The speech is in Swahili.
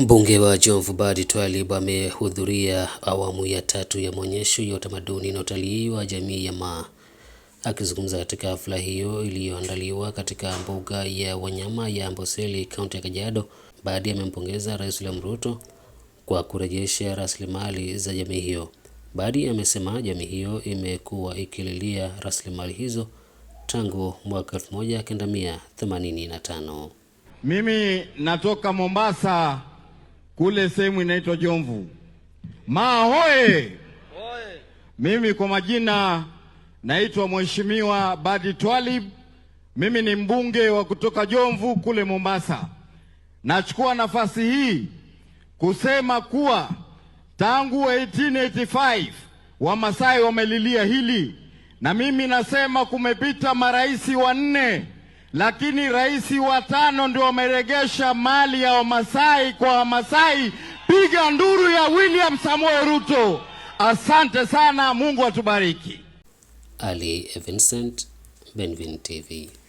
Mbunge wa Jomvu Badi Twalib amehudhuria awamu ya tatu ya maonyesho ya utamaduni na utalii wa jamii ya Maa. Akizungumza katika hafla hiyo iliyoandaliwa katika mbuga ya wanyama ya Amboseli, kaunti ya Kajiado, Badi amempongeza Rais William Ruto kwa kurejesha rasilimali za jamii hiyo. Badi amesema jamii hiyo imekuwa ikililia rasilimali hizo tangu mwaka 1985. Mimi natoka Mombasa kule sehemu inaitwa Jomvu. Maa hoye! Mimi kwa majina naitwa Mheshimiwa Badi Twalib. Mimi ni mbunge wa kutoka Jomvu kule Mombasa. Nachukua nafasi hii kusema kuwa tangu 1885 Wamasai wamelilia hili, na mimi nasema kumepita marais wanne lakini rais wa tano ndio wameregesha mali ya Wamasai kwa Wamasai. Piga nduru ya William Samoei Ruto. Asante sana, Mungu atubariki. Ali Vincent, Benvin TV.